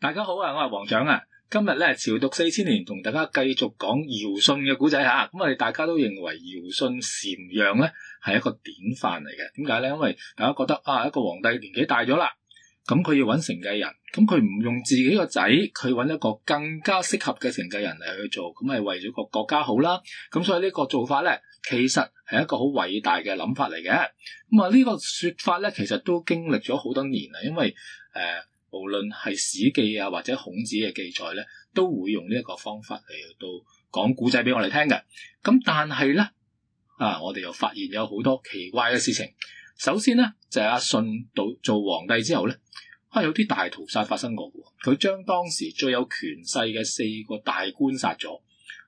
大家好啊！我係黃獎啊，今日咧朝讀四千年，同大家繼續講堯舜嘅古仔吓。咁、啊、我哋大家都認為堯舜禪讓咧係一個典範嚟嘅。點解咧？因為大家覺得啊，一個皇帝年紀大咗啦，咁佢要揾承繼人，咁佢唔用自己個仔，佢揾一個更加適合嘅承繼人嚟去做，咁係為咗個國家好啦。咁所以呢個做法咧，其實係一個好偉大嘅諗法嚟嘅。咁啊，呢個說法咧，其實都經歷咗好多年啦，因為誒。呃無論係史記啊或者孔子嘅記載咧，都會用呢一個方法嚟到講古仔俾我哋聽嘅。咁但係咧，啊我哋又發現有好多奇怪嘅事情。首先咧就係、阿舜到做皇帝之後咧，啊有啲大屠殺發生過嘅。佢將當時最有權勢嘅四個大官殺咗，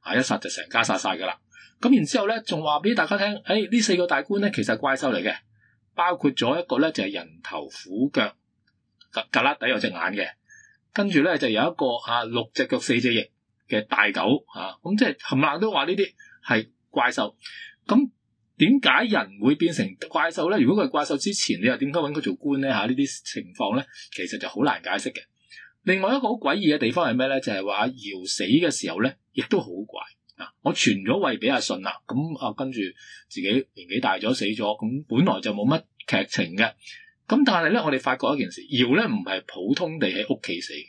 啊一殺就成家殺晒噶啦。咁然之後咧，仲話俾大家聽，誒、哎、呢四個大官咧其實係怪獸嚟嘅，包括咗一個咧就係、是、人頭虎腳。格格拉底有隻眼嘅，跟住咧就有一個啊六隻腳四隻翼嘅大狗啊，咁、嗯、即係冚唪唥都話呢啲係怪獸。咁點解人會變成怪獸咧？如果佢係怪獸之前，你又點解揾佢做官咧？吓、啊、呢啲情況咧，其實就好難解釋嘅。另外一個好詭異嘅地方係咩咧？就係話堯死嘅時候咧，亦都好怪啊！我傳咗位俾阿舜啊，咁啊跟住自己年紀大咗死咗，咁、啊、本來就冇乜劇情嘅。咁但係咧，我哋發覺一件事，堯咧唔係普通地喺屋企死嘅，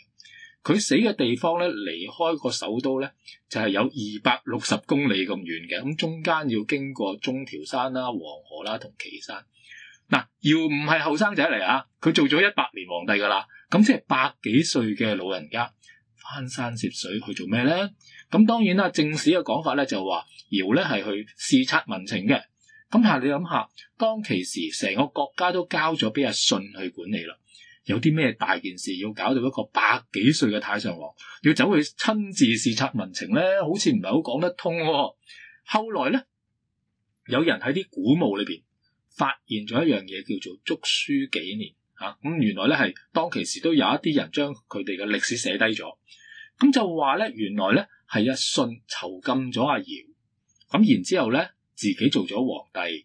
佢死嘅地方咧，離開個首都咧，就係有二百六十公里咁遠嘅。咁中間要經過中條山啦、黃河啦同岐山。嗱，堯唔係後生仔嚟啊，佢做咗一百年皇帝㗎喇，咁即係百幾歲嘅老人家，翻山涉水去做咩咧？咁當然啦，正史嘅講法咧就話，堯咧係去視察民情嘅。咁但係你諗下，當其時成個國家都交咗俾阿信去管理啦，有啲咩大件事要搞到一個百幾歲嘅太上皇要走去親自視察民情咧，好似唔係好講得通，哦。後來咧，有人喺啲古墓裏邊發現咗一樣嘢，叫做竹書紀年。吓、啊、咁、嗯、原來咧係當其時都有一啲人將佢哋嘅歷史寫低咗。咁就話咧，原來咧係阿信囚禁咗阿堯。咁、啊、然之後咧。自己做咗皇帝，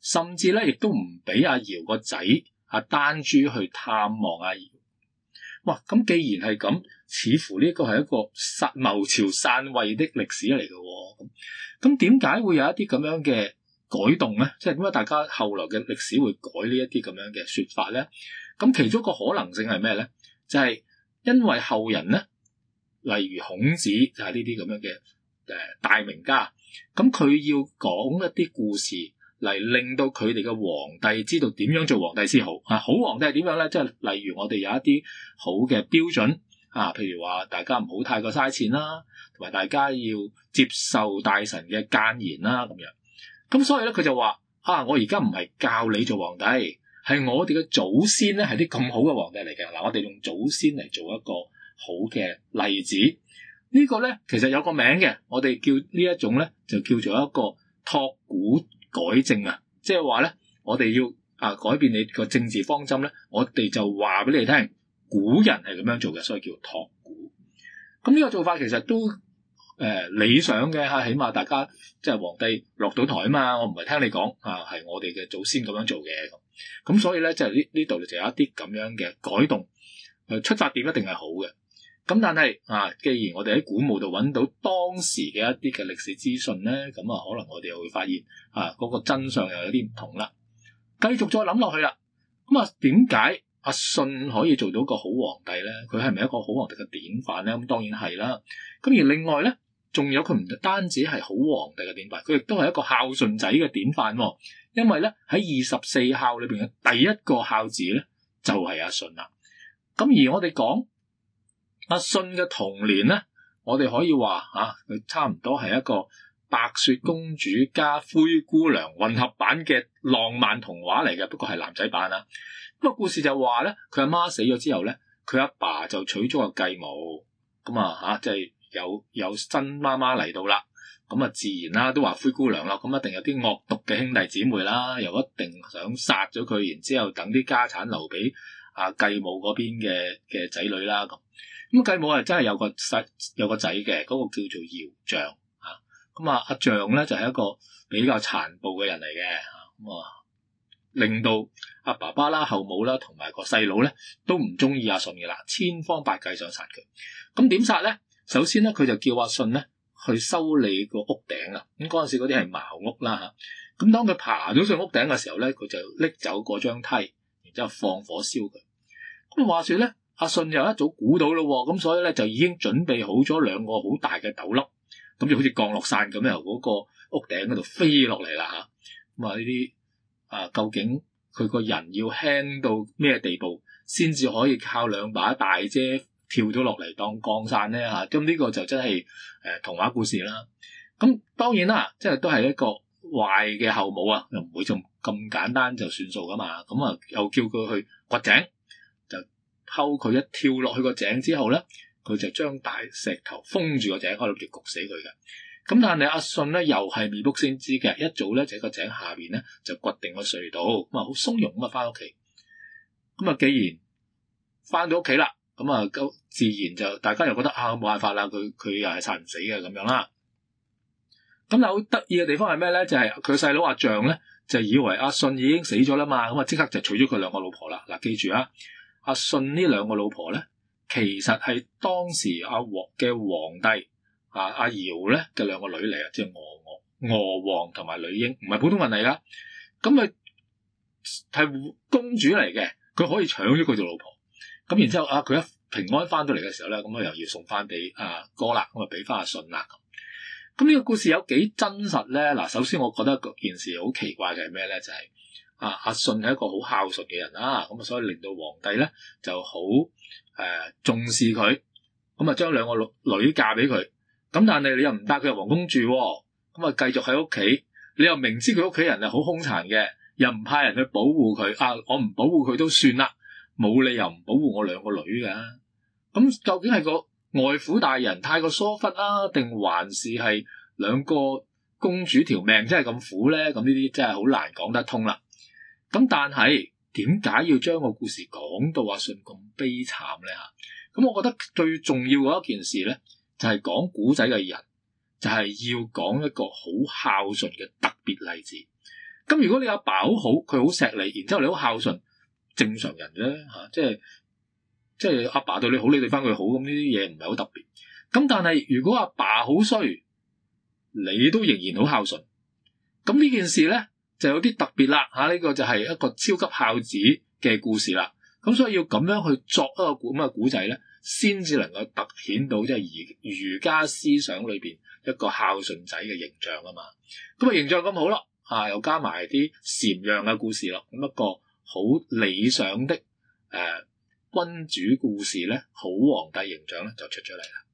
甚至咧亦都唔俾阿堯個仔阿丹珠去探望阿堯。哇！咁既然係咁，似乎呢個係一個篡謀朝篡位的歷史嚟嘅。咁咁點解會有一啲咁樣嘅改動咧？即係點解大家後來嘅歷史會改呢一啲咁樣嘅說法咧？咁其中一個可能性係咩咧？就係、是、因為後人咧，例如孔子就啊呢啲咁樣嘅誒、呃、大名家。咁佢要講一啲故事嚟，令到佢哋嘅皇帝知道點樣做皇帝先好啊？好皇帝係點樣咧？即係例如我哋有一啲好嘅標準啊，譬如話大家唔好太過嘥錢啦，同埋大家要接受大臣嘅諫言啦，咁樣。咁所以咧，佢就話：啊，我而家唔係教你做皇帝，係我哋嘅祖先咧，係啲咁好嘅皇帝嚟嘅。嗱，我哋用祖先嚟做一個好嘅例子。呢個咧其實有個名嘅，我哋叫呢一種咧就叫做一個託古改正啊，即係話咧我哋要啊改變你個政治方針咧，我哋就話俾你聽，古人係咁樣做嘅，所以叫託古。咁、嗯、呢、這個做法其實都誒、呃、理想嘅吓，起碼大家即係皇帝落到台啊嘛，我唔係聽你講啊，係我哋嘅祖先咁樣做嘅。咁所以咧即係呢呢度就有一啲咁樣嘅改動，誒出發點一定係好嘅。咁但係啊，既然我哋喺古墓度揾到當時嘅一啲嘅歷史資訊咧，咁、嗯、啊，可能我哋又會發現啊，嗰、這個真相又有啲唔同啦。繼續再諗落去啦，咁啊，點解阿信可以做到個好皇帝咧？佢係咪一個好皇帝嘅典範咧？咁當然係啦。咁、啊、而另外咧，仲有佢唔單止係好皇帝嘅典範，佢亦都係一個孝順仔嘅典範，哦。因為咧喺二十四孝裏邊嘅第一個孝子咧，就係、是、阿信啦。咁、啊、而我哋講。阿舜嘅童年咧，我哋可以話吓，佢、啊、差唔多係一個白雪公主加灰姑娘混合版嘅浪漫童話嚟嘅，不過係男仔版啦。咁啊，這個、故事就話咧，佢阿媽，媽死咗之後咧，佢阿爸就娶咗個繼母，咁、嗯、啊吓，即、就、係、是、有有新媽媽嚟到啦，咁、嗯、啊自然啦，都話灰姑娘啦，咁一定有啲惡毒嘅兄弟姊妹啦，又一定想殺咗佢，然後之後等啲家產留俾阿繼母嗰邊嘅嘅仔女啦咁。嗯咁繼母係真係有個細有個仔嘅，嗰個叫做姚象吓。咁啊阿象咧就係一個比較殘暴嘅人嚟嘅，咁啊令到阿爸爸啦、後母啦同埋個細佬咧都唔中意阿舜嘅啦，千方百計想殺佢。咁點殺咧？首先咧佢就叫阿舜咧去修理個屋頂啊。咁嗰陣時嗰啲係茅屋啦吓。咁當佢爬咗上屋頂嘅時候咧，佢就拎走嗰張梯，然之後放火燒佢。咁話說咧。阿信又一早估到咯，咁所以咧就已經準備好咗兩個好大嘅斗笠，咁就好似降落傘咁由嗰個屋頂嗰度飛落嚟啦吓。咁啊呢啲啊究竟佢個人要輕到咩地步，先至可以靠兩把大遮跳咗落嚟當降傘咧吓？咁、啊、呢、這個就真係，誒、呃、童話故事啦。咁、啊、當然啦，即係都係一個壞嘅後母啊，又唔會仲咁簡單就算數噶嘛。咁啊又叫佢去掘井。偷佢一跳落去個井之後咧，佢就將大石頭封住個井，開諗住焗死佢嘅。咁但係阿舜咧，又係未卜先知嘅。一早咧就喺個井下邊咧就掘定個隧道，咁啊好鬆容咁啊翻屋企。咁啊既然翻到屋企啦，咁啊咁自然就大家又覺得啊冇辦法啦，佢佢又係殺唔死嘅咁樣啦。咁但好得意嘅地方係咩咧？就係佢細佬阿象咧，就以為阿舜已經死咗啦嘛，咁啊即刻就娶咗佢兩個老婆啦。嗱，記住啊！阿、啊、舜呢兩個老婆咧，其實係當時阿王嘅皇帝啊，阿堯咧嘅兩個女嚟啊，即係娥娥娥皇同埋女英，唔係普通人嚟噶，咁佢係公主嚟嘅，佢可以搶咗佢做老婆，咁然之後啊，佢一平安翻到嚟嘅時候咧，咁佢又要送翻俾阿哥啦，咁啊俾翻阿舜啦。咁呢個故事有幾真實咧？嗱，首先我覺得件事好奇怪嘅係咩咧？就係、是。啊！阿舜係一個好孝順嘅人啦，咁啊，所以令到皇帝咧就好誒、呃、重視佢，咁啊將兩個女嫁俾佢。咁但係你又唔帶佢入皇宮住，咁啊、嗯、繼續喺屋企，你又明知佢屋企人係好凶殘嘅，又唔派人去保護佢。啊，我唔保護佢都算啦，冇理由唔保護我兩個女噶。咁、啊嗯、究竟係個外父大人太過疏忽啦、啊，定還是係兩個公主條命真係咁苦咧？咁呢啲真係好難講得通啦。咁但係點解要將個故事講到阿信咁悲慘咧？吓咁，我覺得最重要嘅一件事咧，就係、是、講古仔嘅人就係、是、要講一個好孝順嘅特別例子。咁如果你阿爸好好，佢好錫你，然之後你好孝順，正常人啫吓、啊，即係即係阿爸對你好，你對翻佢好，咁呢啲嘢唔係好特別。咁但係如果阿爸好衰，你都仍然好孝順，咁呢件事咧？就有啲特別啦嚇，呢、啊這個就係一個超級孝子嘅故事啦。咁、啊、所以要咁樣去作一個咁嘅古仔咧，先至能夠突顯到即係儒儒家思想裏邊一個孝順仔嘅形象啊嘛。咁啊，形象咁好咯啊，又加埋啲禪讓嘅故事咯。咁、啊、一個好理想的誒、呃、君主故事咧，好皇帝形象咧就出咗嚟啦。